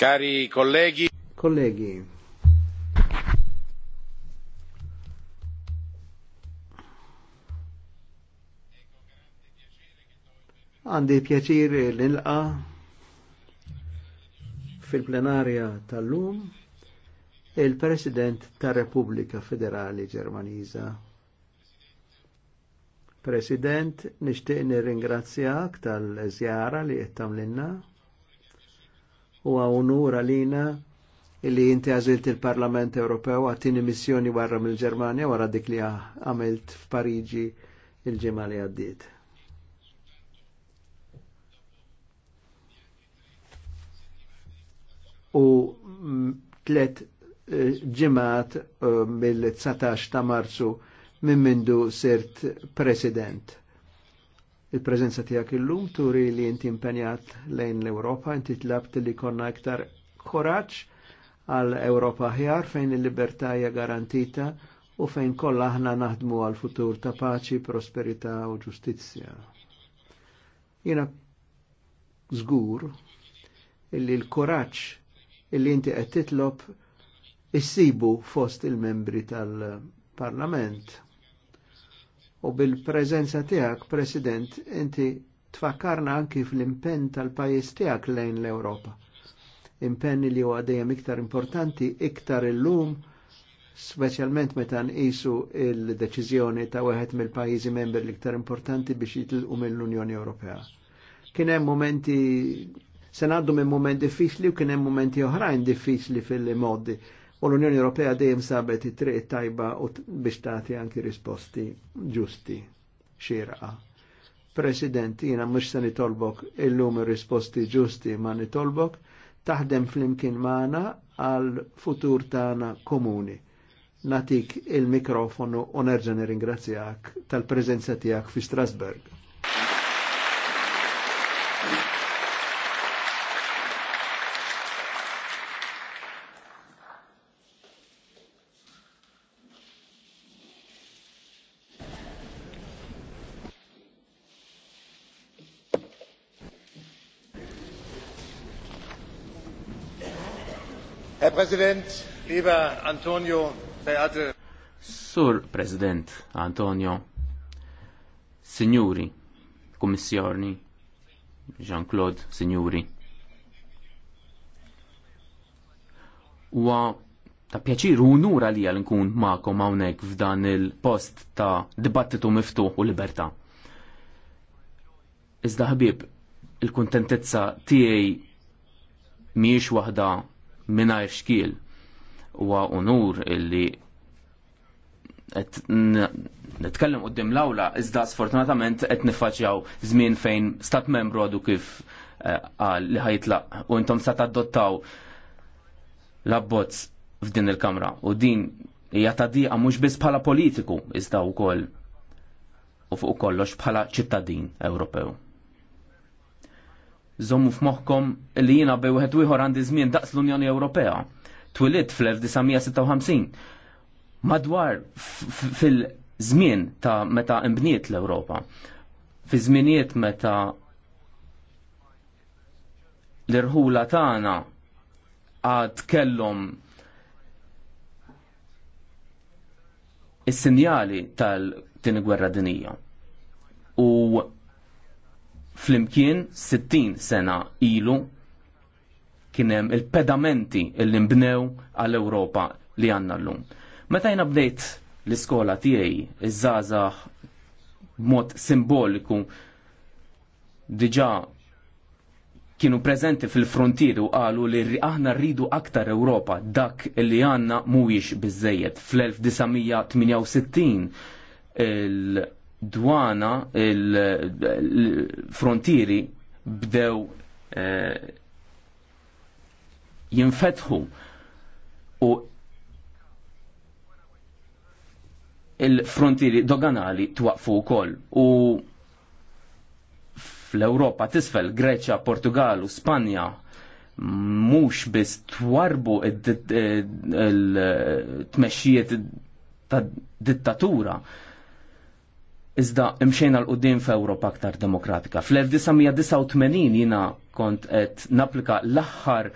Cari colleghi. Colleghi. Għandi pjaċir l-inqa fil-plenarja tal-lum il-President ta' Repubblika Federali Ġermaniża. President, nishtiq nirringrazzjak tal-żjara li qed inna u unur għalina illi inti għazilt il-Parlament Ewropew għattini missjoni warra mill ġermania wara dik li għamilt f'Pariġi il-ġimgħa li għaddiet. U tlet eh, ġimat eh, mill-19 ta' Marzu minn mindu sirt President Il-prezenza tijak illum turi li jinti impenjat lejn l-Europa, inti tlabt li konna iktar koraċ għal Europa ħjar fejn il-libertà hija garantita u fejn kollha aħna naħdmu għal futur ta' paċi, prosperità u ġustizzja. Jiena żgur illi l-koraċ illi inti qed titlob issibu fost il-membri tal-Parlament u bil-prezenza tiegħek, President, inti tfakkarna anki fl-impenn tal-pajis tiegħek lejn l europa impenn li huwa dejjem iktar importanti, iktar illum, speċjalment meta nqisu il-deċiżjoni ta' wieħed mill-pajjiżi membri l-iktar importanti biex jitilqu mill-Unjoni Ewropea. Kien hemm momenti se ngħaddu minn moment diffiċli u kien hemm momenti oħrajn diffiċli fil-modi u l-Unjoni Ewropea dejjem sabet it-triq tajba u biex tagħti anki risposti ġusti xieraqa. President, jiena mhux se nitolbok illum risposti ġusti ma nitolbok taħdem flimkien magħna għal futur tagħna komuni. Natik il-mikrofonu u nerġa' nirringrazzjak tal-preżenza tiegħek fi Strasburg. Herr Präsident, lieber Antonio, verehrte Sur President Antonio, Signori, Kommissjoni, Jean-Claude, Signori. Huwa ta' pjaċir u unura li għal nkun ma'kom hawnhekk f'dan il-post ta' dibattitu miftuħ u libertà. Iżda ħbib, il-kuntentezza tiegħi mhijiex waħda mingħajr xkiel. Huwa unur illi nitkellem u l-awla, iżda sfortunatament qed nifaċjaw żmien fejn stat membru għadu kif għal eh, li ħajtlaq u intom sa tadottaw l f'din il-kamra u din hija tadiqa mhux biss bħala politiku iżda wkoll u fuq kollox bħala ċittadin Ewropew. Zommu f'moħħkom li jiena bej wieħed ieħor għandi żmien daqs l-Unjoni Ewropea. Twilit fl-1956. Madwar fil-żmien ta' meta imbniet l-Ewropa. Fi żminijiet meta l-irħula tagħna għad kellhom is-sinjali tal-tini gwerra dinija. U Flimkien 60 sena ilu kienem il-pedamenti il nbnew għall-Ewropa li għanna l-lum. Meta jina bdejt l-iskola tiegħi iż-żazax mod simboliku diġa kienu prezenti fil-frontier u qalu li aħna rridu aktar Ewropa dak li għanna mhuwiex biżejjed. Fl-1968 il- dwana il-frontieri bdew eh, jinfetħu u il-frontieri doganali twaqfu wkoll u fl-Ewropa tisfel Greċja, Portugal u Spanja mhux biss twarbu il tmexxijiet tad dittatura Iżda imxejna l-qoddim f'Ewropa aktar demokratika. Fl-1989 jina kont qed naplika l-aħħar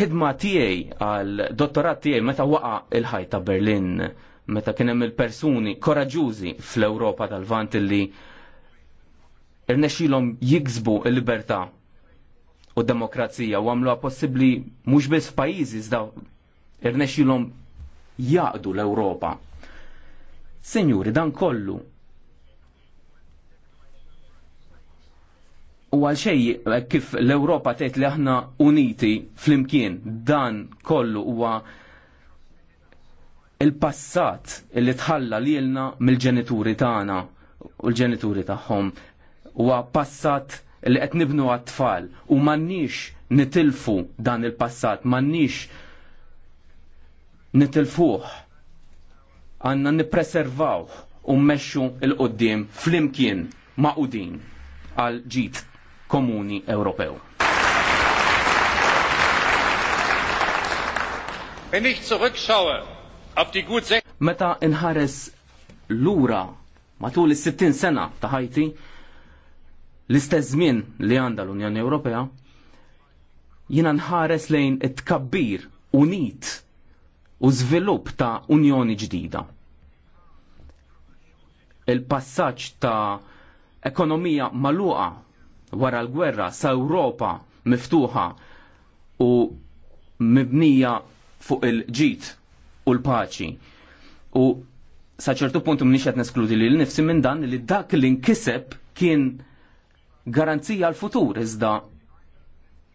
ħidma tiegħi għal dottorat tiegħi meta waqa il-ħajta Berlin, meta kien hemm il-persuni koraġużi fl-Ewropa tal-Vant illi irnexxilhom jiksbu l-libertà u d-demokrazija u għamluha possibbli mhux biss f'pajjiżi iżda irnexxilhom jaqdu l-Ewropa Senjuri, dan kollu u għal xej eh, kif l-Europa tgħid li aħna uniti flimkien dan kollu huwa il-passat li tħalla lilna mill-ġenituri tagħna u l-ġenituri tagħhom huwa passat li qed nibnu għat-tfal u m'għandniex nitilfu dan il-passat, m'għandniex nitilfuh għanna nipreservaw u mmexxu il-qoddim flimkien maqudin għal ġit komuni Ewropew. Wenn ich zurückschaue auf die gut Meta inħares lura matul is-60 sena ta' Ħajti l-istess żmien li għandha l-Unjoni Ewropea jiena nħares lejn it-tkabbir unit u żvilupp ta' Unjoni ġdida il-passaġġ ta' ekonomija maluqa wara l-gwerra sa' Ewropa miftuħa u mibnija fuq il-ġit u l-paċi. U sa' ċertu puntu mniex qed neskludi li l-nifsi minn dan li dak li nkiseb kien garanzija l futur iżda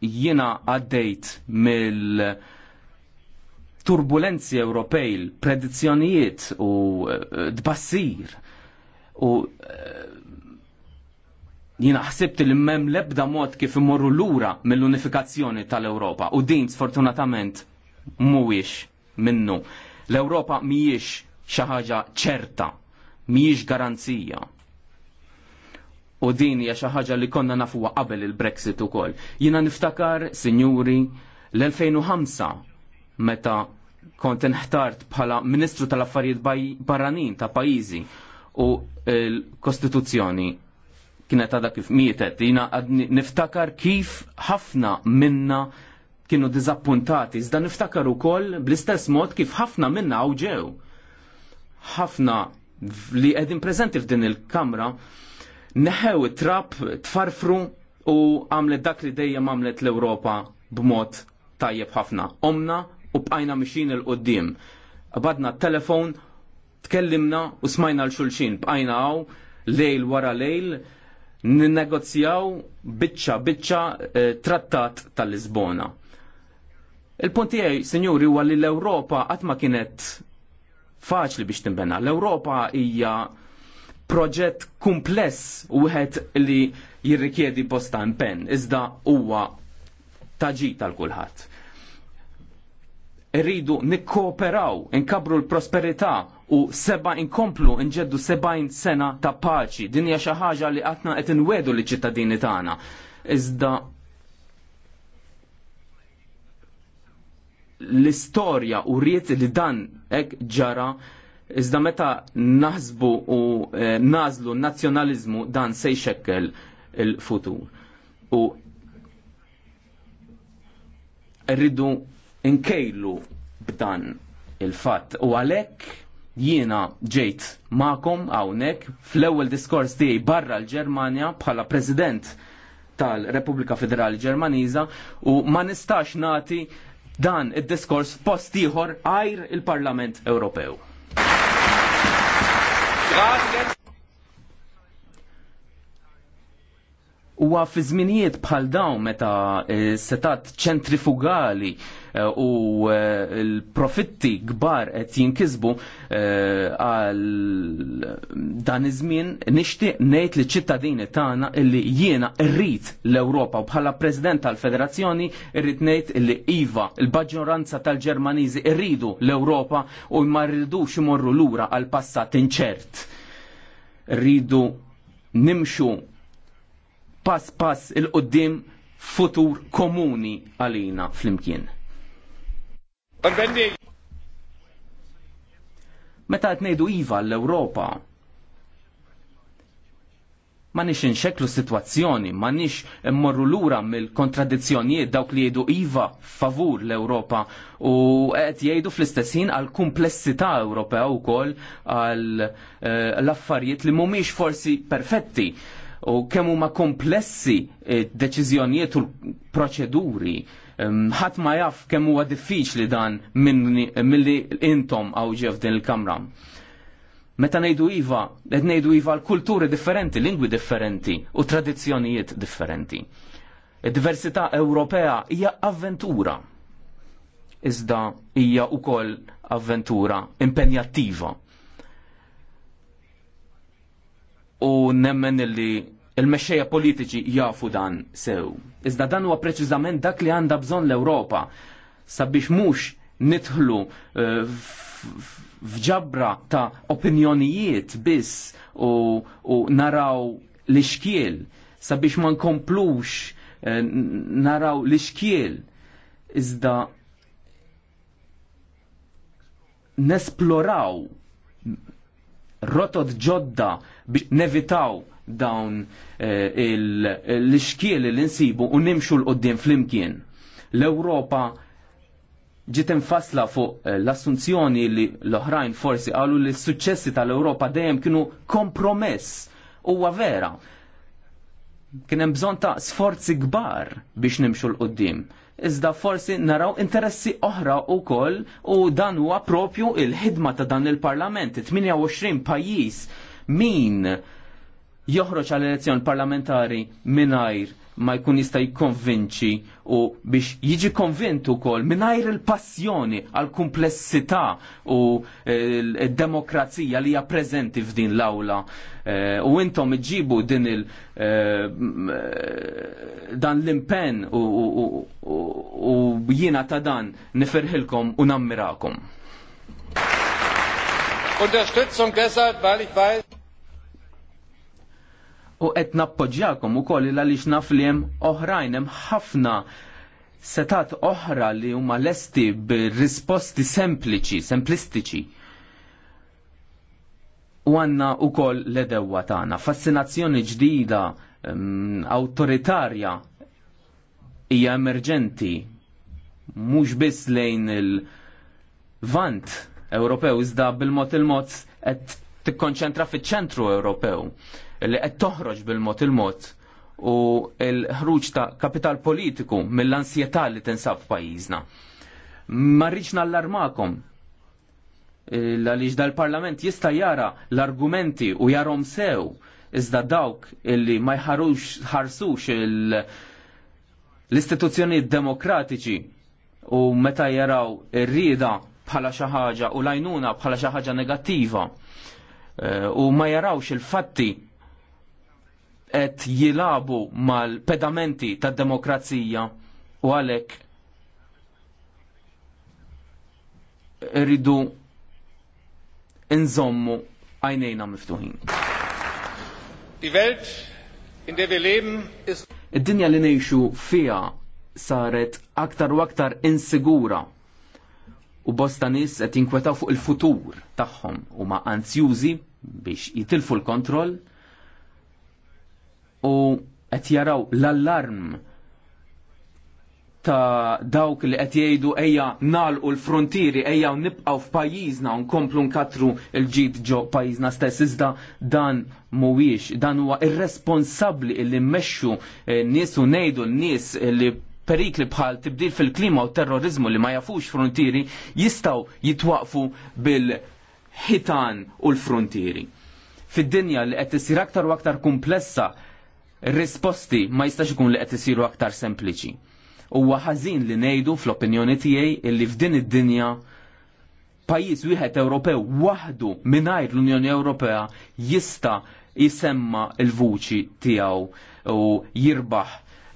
jiena għaddejt mill turbulenzi Ewropej, predizzjonijiet u eh, dbassir u eh, jina ħsibt li mem lebda mod kif imorru lura mill-unifikazzjoni tal-Ewropa u din sfortunatament mhuwiex minnu. L-Ewropa mhijiex xi ħaġa ċerta, mhijiex garanzija. U din hija xi ħaġa li konna nafuha qabel il-Brexit ukoll. Jina niftakar, sinjuri, l-2005 meta kont inħtart bħala Ministru tal-Affarijiet Barranin ta' pajjiżi u l-Kostituzzjoni kienet għadha kif mietet, jina niftakar kif ħafna minna kienu dizappuntati, iżda niftakar ukoll bl-istess mod kif ħafna minna għawġew. Ħafna li qegħdin preżenti f'din il-kamra neħew it-trap tfarfru u għamlet dak li dejjem għamlet l-Ewropa b'mod tajjeb ħafna. Omna u bqajna mixin il-qoddim. Badna t telefon Tkellimna u smajna l-xulxin bqajna għaw lejl wara lejl ninnegozjaw biċċa biċċa eh, trattat tal-Lisbona. Il-punt għaj, sinjuri, huwa li l-Ewropa għatma ma kienet faċli biex timbena. L-Ewropa hija proġett kumpless u wieħed li jirrikjedi bosta impenn, iżda huwa taġi tal-kulħadd. Irridu nikkooperaw, inkabru l-prosperità u seba' inkomplu nġeddu 70 sena ta' paċi. Din hija xi ħaġa li qatna qed inwedu liċ ċittadini tagħna. Iżda l-istorja u rrit li dan hekk ġara iżda meta naħsbu u eh, nażlu n-nazzjonaliżmu dan se jxekkel il-futur. U rridu nkejlu b'dan il-fatt. U għalhekk jiena ġejt ma'kom hawnhekk fl-ewwel diskors tiegħi barra l-Ġermanja bħala President tal-Repubblika Federali Ġermaniża u ma nistax nagħti dan id-diskors post ieħor għajr il-Parlament Ewropew. Huwa fi żminijiet bħal dawn meta eh, setat ċentrifugali eh, u eh, l-profitti kbar qed jinkisbu għal dan iż-żmien nixtieq ngħid liċ ċittadini tagħna illi jiena rrid l-Ewropa u bħala President tal-Federazzjoni rrid ngħid illi iva l-baġġoranza tal-Ġermaniżi rridu l-Ewropa u ma rridux imorru lura għal passat inċert. Rridu nimxu pass pass il-qoddim futur komuni għalina fl-imkien. Meta qed ngħidu iva l-Ewropa, ma nix inxeklu situazzjoni, ma nix morru lura mill-kontradizzjonijiet dawk li jgħidu iva favur l-Europa u qed jgħidu fl-istessin għal kumplessità Ewropea wkoll għal eh, l-affarijiet li mhumiex forsi perfetti u kemm huma komplessi eh, deċiżjonijiet u proċeduri ħadd ma jaf kemm huwa diffiċli dan milli intom għaw din il-kamra. Meta ngħidu iva, qed ngħidu iva l-kulturi differenti, lingwi differenti u tradizzjonijiet differenti. Id-diversità Ewropea hija avventura. Iżda hija wkoll avventura impenjattiva u nemmen illi il-mexxejja politiċi jafu dan sew. Iżda dan huwa preċiżament dak li għandha bżonn l-Ewropa sabiex mhux nidħlu eh, fġabra ta' opinjonijiet biss u, u naraw l-iskiel sabiex ma nkomplux eh, naraw l-iskiel iżda nesploraw rotod ġodda biex nevitaw dawn eh, l-iskiel li nsibu u nimxu l-qoddim flimkien. L-Europa ġiet infasla fuq eh, l-assunzjoni li l-oħrajn forsi qalu li s-suċċessi tal-Europa dejjem kienu kompromess huwa vera Kien hemm bżonn ta' sforzi kbar biex nimxu l-qoddim. Iżda forsi naraw interessi oħra u koll u dan huwa propju il-ħidma ta' dan il-parlament, 28 pajjiż min joħroġ għall-elezzjoni parlamentari mingħajr ma jkun jista' jikkonvinċi u biex jiġi konvint ukoll mingħajr il-passjoni għal kumplessità u d-demokrazija li hija preżenti f'din l-awla. Eh, u intom iġibu din il- eh, eh, dan l-impenn u jiena ta' dan nifirħilkom u nammirakom. Unterstützung deshalb, weil ich weiß, u qed nappoġġjakom ukoll il għaliex naf li hemm oħrajn hemm ħafna setat oħra li huma lesti b'risposti sempliċi, semplistiċi u għanna ukoll l edewwa tagħna. Fassinazzjoni ġdida, awtoritarja autoritarja, hija emerġenti, mhux biss lejn il-vant Ewropew, iżda bil-mod il-mod qed tikkonċentra fiċ-ċentru Ewropew li qed toħroġ bil-mod il-mod u l-ħruġ ta' kapital politiku mill-ansjetà li tinsab f'pajjiżna. Ma rridx nallarmakom għaliex dal-parlament jista' jara l-argumenti u jarhom sew iżda dawk illi ma jħarux ħarsux l-istituzzjonijiet demokratiċi u meta jaraw ir-rieda bħala xi ħaġa u lajnuna bħala xi ħaġa negattiva eh, u ma jarawx il-fatti qed jilabu mal-pedamenti tad-demokrazija u għalhekk rridu nżommu għajnejna miftuħin. Id-dinja li nejxu fija saret aktar u aktar insigura u bosta nis qed jinkwetaw fuq il-futur tagħhom huma anzjużi biex jitilfu l-kontroll u qed jaraw l-allarm ta' dawk li qed jgħidu ejja nalqu l-frontieri ejja nibqgħu f'pajjiżna u nkomplu nkatru l-ġid ġo pajjiżna stess iżda dan mhuwiex dan huwa irresponsabbli li mmexxu eh, nies u ngħidu n-nies li perikli bħal tibdil fil-klima u terrorizmu li ma jafux frontieri jistaw jitwaqfu bil-ħitan u l-frontieri. Fid-dinja li qed isir aktar u aktar komplessa risposti ma jistax ikun li qed isiru aktar sempliċi. Huwa ħażin li ngħidu fl-opinjoni tiegħi illi f'din id-dinja pajjiż wieħed Ewropew waħdu mingħajr l-Unjoni Ewropea jista' jisemma l-vuċi tiegħu u jirbaħ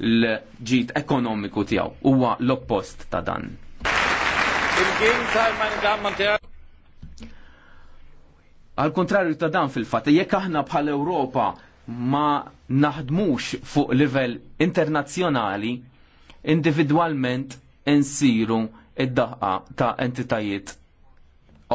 l-ġid ekonomiku tiegħu. Huwa l-oppost ta' dan. Al kontrarju ta' dan fil-fatt, jekk aħna bħal Ewropa ma naħdmux fuq livell internazzjonali individwalment insiru id-daħqa ta' entitajiet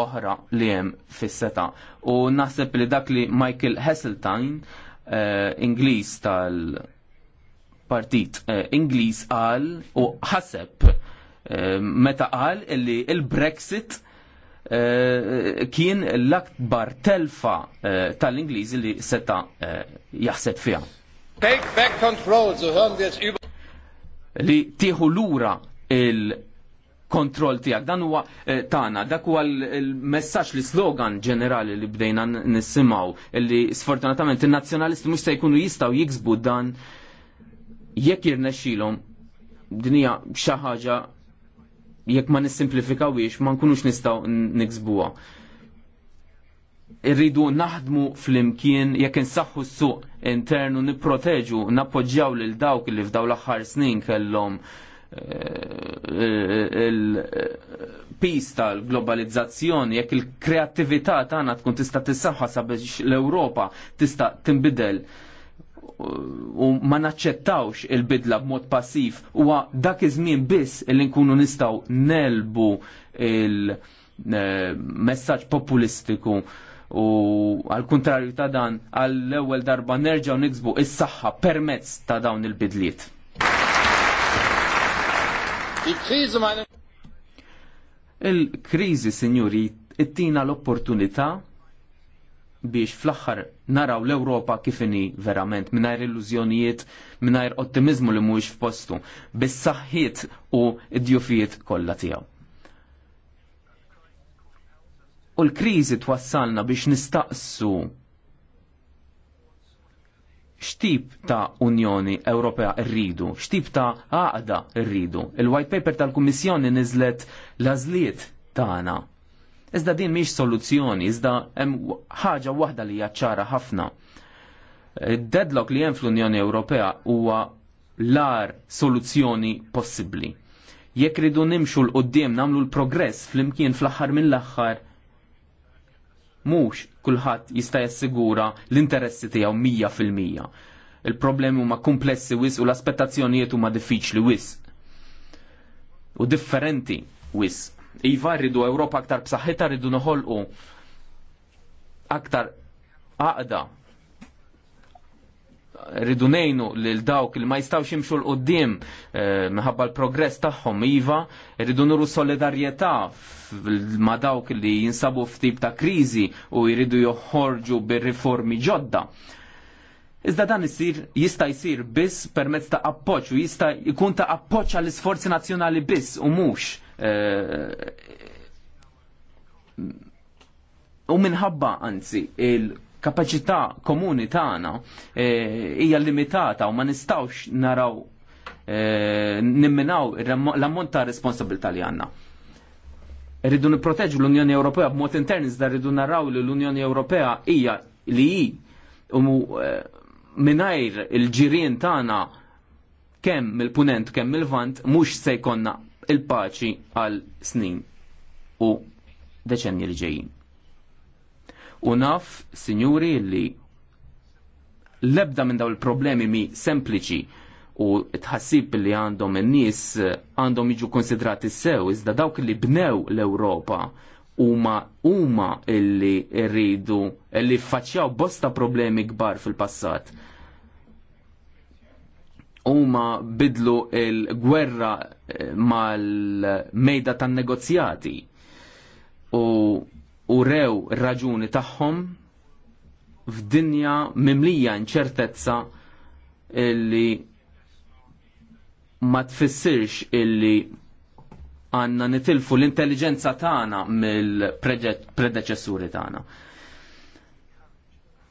oħra li hemm fis-seta. U naħseb li dak li Michael Hasseltine, uh, eh, Ingliż tal-Partit uh, Ingliż qal u ħaseb uh, meta qal li il-Brexit Eh, kien l-akbar telfa eh, tal-Ingliżi li seta eh, jaħseb fiha. Take back control, so hören wir jetzt über li tieħu lura il- kontroll tijak. Dan huwa tana, dak huwa l-messaġġ li slogan ġenerali li bdejna nissimaw li sfortunatament in-nazzjonalisti mhux se jkunu jistgħu jiksbu dan jekk jirnexxilhom din hija xi ħaġa jekk ma nissimplifikawiex ma nkunux nistaw niksbuha. Irridu naħdmu fl-imkien jekk insaħħu s-suq internu nipproteġu, nappoġġjaw lil dawk li f'daw l-aħħar snin kellhom eh, eh, il eh, pista l globalizzazzjoni jekk il-kreattività tagħna tkun tista' tissaħħa sabiex l-Ewropa tista' tinbidel u ma naċċettawx il-bidla b'mod passiv u dak iż-żmien biss li nkunu nistgħu nelbu il-messaġġ eh, populistiku u għal kontrarju ta' dan għall ewwel darba nerġgħu niksbu is-saħħa permezz ta' dawn il-bidliet. Il-kriżi, sinjuri, ittina l-opportunità biex fl-axħar naraw l-Ewropa kifini verament, minnajr illużjonijiet, minnajr ottimizmu li mhuwiex f'postu, bis-saħħiet u id-djufijiet kollha tiegħu. U l-kriżi twassalna biex nistaqsu xtip ta' Unjoni Ewropea rridu, xtip ta' għaqda rridu. Il-white paper tal-Kummissjoni nizlet lażliet tagħna Iżda din miex soluzzjoni, iżda hemm ħaġa waħda li hija ċara ħafna. Deadlock li hemm fl-Unjoni Ewropea huwa l-ar soluzzjoni possibbli. Jekk ridu nimxu l-qoddim nagħmlu l-progress fl-imkien fl-aħħar mill-aħħar, mhux kulħadd jista' jassigura l-interessi tiegħu mija fil-mija. Il-problemi huma komplessi wis u l-aspettazzjonijiet huma diffiċli wis. U differenti wis Iva rridu Ewropa aktar b'saħħitha rridu noħolqu aktar għaqda rridu nejnu lil dawk li ma jistgħux jimxu l-qoddim eh, minħabba l-progress tagħhom iva, rridu nuru solidarjetà ma dawk li jinsabu f'tip ta' kriżi u jridu joħorġu bir-riformi ġodda. Iżda dan isir jista' jsir biss permezz ta' appoġġ u jista' jkun ta' appoġġ għall isforzi nazzjonali biss u mhux Eh, u minħabba anzi il-kapacità komuni tagħna eh, hija limitata u ma nistgħux naraw eh, nimminaw l-ammont ta' responsabilità li għandna. Rridu nipproteġu l-Unjoni Ewropea b'mod intern iżda rridu naraw li l-Unjoni Ewropea hija li hi u mingħajr il-ġirien tagħna kemm il punent kemm il vant mhux se jkollna il-paċi għal snin u deċenni li ġejjin. U naf, sinjuri, li lebda minn daw il-problemi mi sempliċi u tħassib li għandhom in-nies għandhom jiġu konsidrati sew, iżda dawk li bnew l-Ewropa huma huma illi rridu illi faċċjaw bosta problemi kbar fil-passat huma bidlu il-gwerra eh, mal-mejda tan-negozjati u, u rew raġuni tagħhom f'dinja mimlija inċertezza illi ma tfissirx illi għanna nitilfu l-intelligenza tagħna mill-predeċessuri tagħna.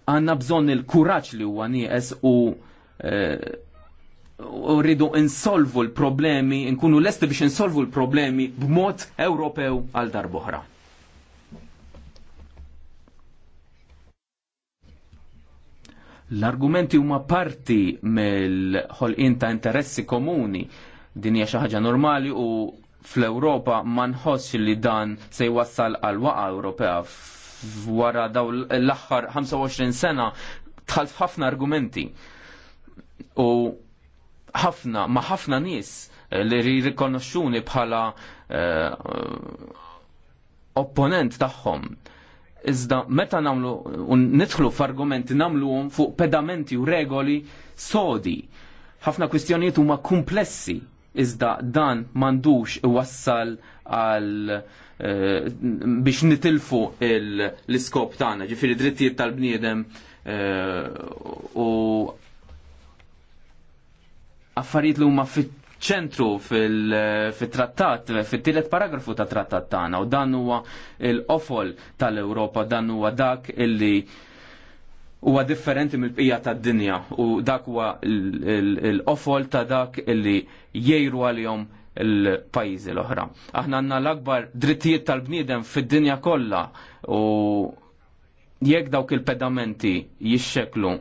Għanna bżonn il kuraċ li huwa nieqes u eh, u rridu insolvu l-problemi, nkunu lesti biex insolvu l-problemi b'mod Ewropew għal darbohra. L-argumenti huma parti mill-ħolqien ta' interessi komuni din hija xi ħaġa normali u fl-Ewropa ma nħossx li dan se jwassal għal waqa Ewropea wara daw l-aħħar 25 sena tħalt ħafna argumenti. U ħafna, ma ħafna nies eh, li jirrikonoxxuni bħala eh, opponent tagħhom. Iżda meta nagħmlu nidħlu f'argumenti nagħmluhom fuq pedamenti u regoli sodi. Ħafna kwistjonijiet huma komplessi iżda dan mandux iwassal għal uh, biex nitilfu l-iskop tagħna, ġifieri drittijiet tal-bniedem e, u affarijiet li huma fiċ-ċentru fit-trattat, fit-tielet paragrafu ta' trattat tagħna u dan huwa l ofol tal-Ewropa, dan huwa dak illi huwa differenti mill-bqija tad-dinja u dak huwa l ofol ta' dak illi jgħiru għalihom il-pajjiżi l-oħra. Aħna għandna l-akbar drittijiet tal-bniedem fid-dinja kollha u jekk dawk il-pedamenti jixxeklu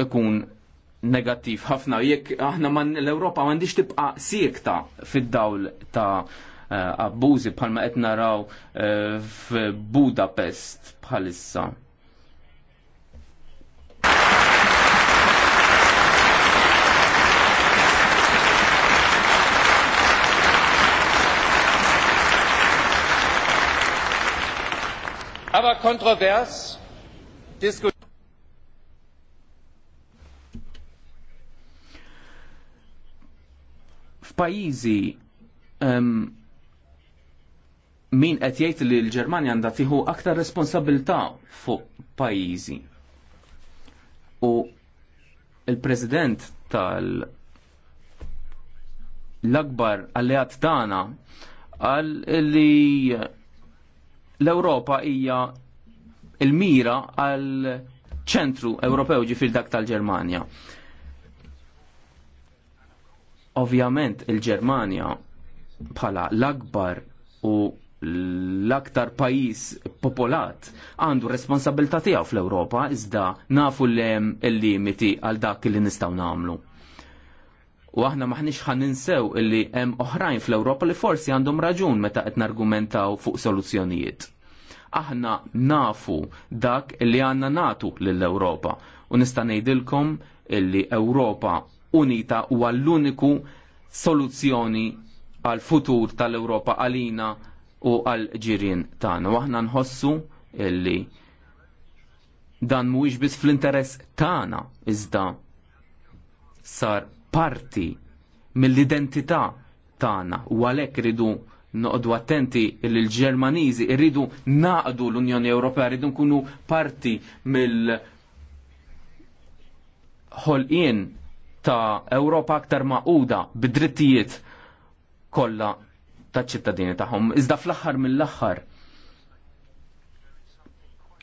ikun negattiv ħafna. Jekk aħna man l-Ewropa m'għandix tibqa' siekta fid-dawl ta' eh, abbużi bħal ma qed naraw eh, f'Budapest bħalissa. Aber kontrovers diskutiert. F'pajjiżi min qed jgħid li l-Ġermanja għandha tieħu aktar responsabilità fuq pajjiżi. U il-President tal- l-akbar alleat tagħna għal li l-Ewropa hija il-mira għal ċentru Ewropew ġifir dak tal-Ġermanja. Ovvjament il-Ġermanja bħala l-akbar u l-aktar pajis popolat għandu responsabilità tiegħu fl-Ewropa iżda nafu l-limiti għal dak li nistgħu nagħmlu. U aħna maħniex ħan ninsew illi hemm oħrajn fl-Ewropa li forsi għandhom raġun meta qed nargumentaw fuq soluzzjonijiet. Aħna nafu dak li għandna natu lill-Ewropa u nista' ngħidilkom illi Ewropa Unita huwa l-uniku soluzzjoni għal futur tal-Ewropa għalina u għal ġirien tagħna. Waħna nħossu illi dan mhuwiex biss fl-interess tagħna iżda sar parti mill-identità tagħna u għalhekk ridu noqdu attenti l ġermaniżi irridu naqdu l-Unjoni Ewropea rridu nkunu parti mill ħolqien ta' Ewropa aktar maquda bid-drittijiet kollha taċ ċittadini tagħhom. Iżda fl-aħħar mill-aħħar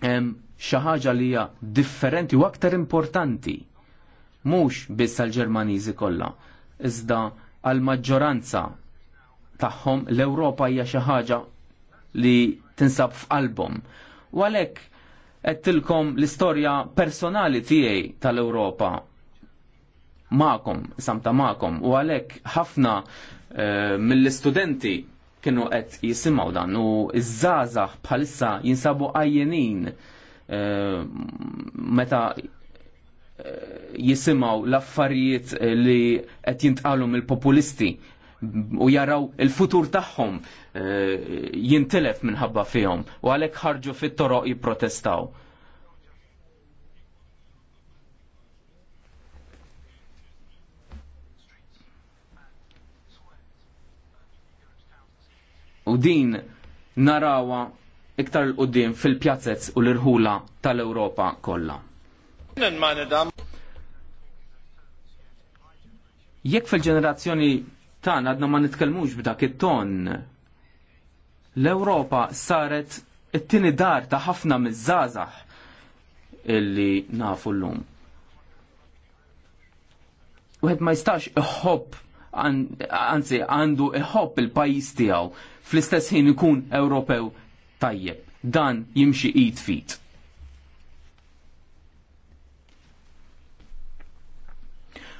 hemm xi ħaġa li hija differenti u aktar importanti mhux biss għall-Ġermaniżi kollha, iżda għall-maġġoranza tagħhom l-Ewropa hija xi ħaġa li tinsab f'album. U għalhekk qed l-istorja personali tiegħi tal-Ewropa ma'kom, samta ma'kom, u għalek ħafna eh, mill-istudenti kienu qed jisimaw dan u iż-żazax bħalissa jinsabu għajjenin eh, meta eh, jisimaw l-affarijiet li qed jintqalu mill-populisti u jaraw il-futur tagħhom jintilef minħabba fihom u għalhekk ħarġu fit-toroq jipprotestaw. U din narawa iktar l-qoddim fil-pjazzezz u l-irħula tal-Ewropa kollha. Jekk fil-ġenerazzjoni tan għadna ma nitkellmux b'dak it-ton, l-Ewropa saret it-tieni dar ta' ħafna miż-żgħażagħ illi nafu l-lum. Wieħed ma jistax iħobb anzi għandu iħobb il-pajis tiegħu fl-istess ħin ikun Ewropew tajjeb. Dan jimxi id fit.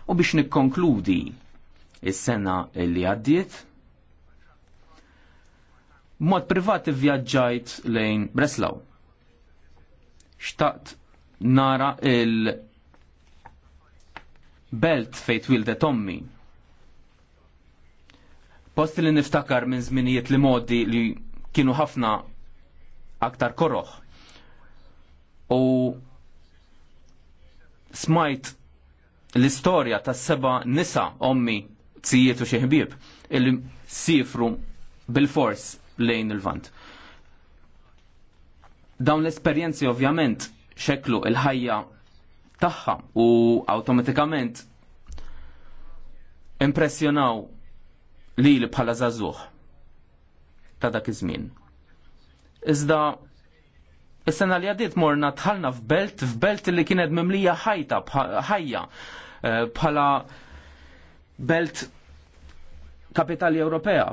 U biex nikkonkludi is-sena li għaddiet, mod privat vjaġġajt lejn Breslau. Xtaqt nara il-belt fejt wilde Tommi. Post li niftakar minn żminijiet li modi li kienu ħafna aktar korroħ. U smajt l-istorja ta' seba nisa ommi tzijiet u xieħbib illi sifru bil-fors lejn il-vant. Dawn l-esperienzi ovvjament xeklu il-ħajja tagħha u awtomatikament impressjonaw li li bħala zazuħ ta' dak iż-żmien. Iżda is-sena li għaddiet morna tħalna f'belt f'belt li kienet mimlija ħajta ħajja eh, bħala belt kapitali Ewropea.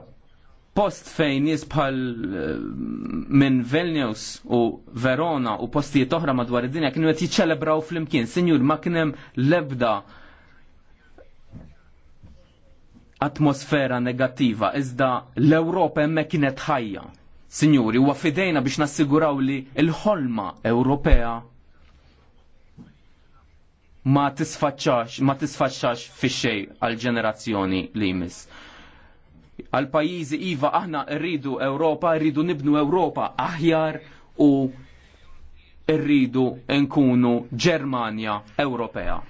Post fejn nies bħal eh, minn Vilnius u Verona u postijiet oħra madwar id-dinja kienu qed jiċċelebraw flimkien. Sinjur ma kien hemm lebda atmosfera negattiva, iżda l-Ewropa hemmhekk kienet ħajja. Sinjuri, huwa fidejna biex nassiguraw li l-ħolma Ewropea ma tisfaċċax, ma tisfaċċax fi xej għal ġenerazzjoni li jmiss. Għal pajjiżi iva aħna rridu Ewropa, rridu nibnu Ewropa aħjar u rridu nkunu Ġermanja Ewropea.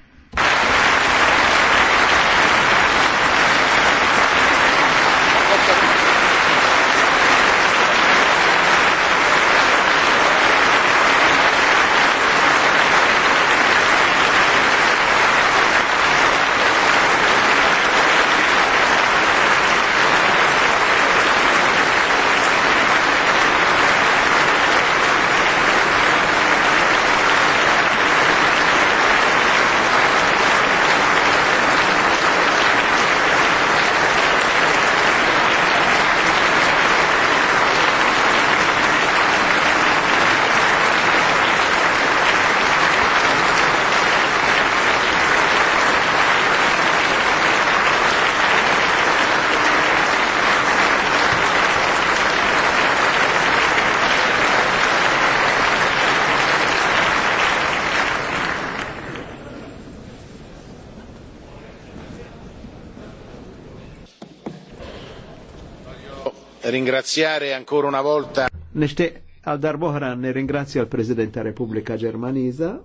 ringraziare ancora una volta. Nishtiq għal darboħra ne ringrazio president Presidente della Repubblica Germanisa,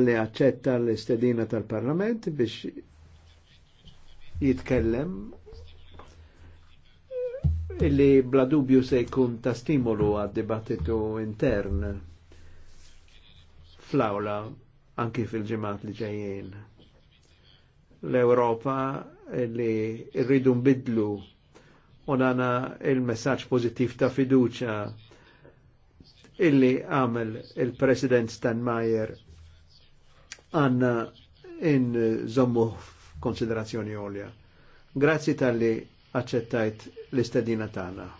li accetta le stedina tal Parlamento, bis jitkellem e bla dubju se jkun ta' a dibattito dibattitu intern fl-awla fil gemat li ġejjien l-Europa li rridu nbidlu unana il-messaġġ pożittiv ta' fiduċa illi għamel il-President Stanmajer għanna in zommu konsiderazzjoni għolja. Grazzi tal-li accettajt l-istedina tana.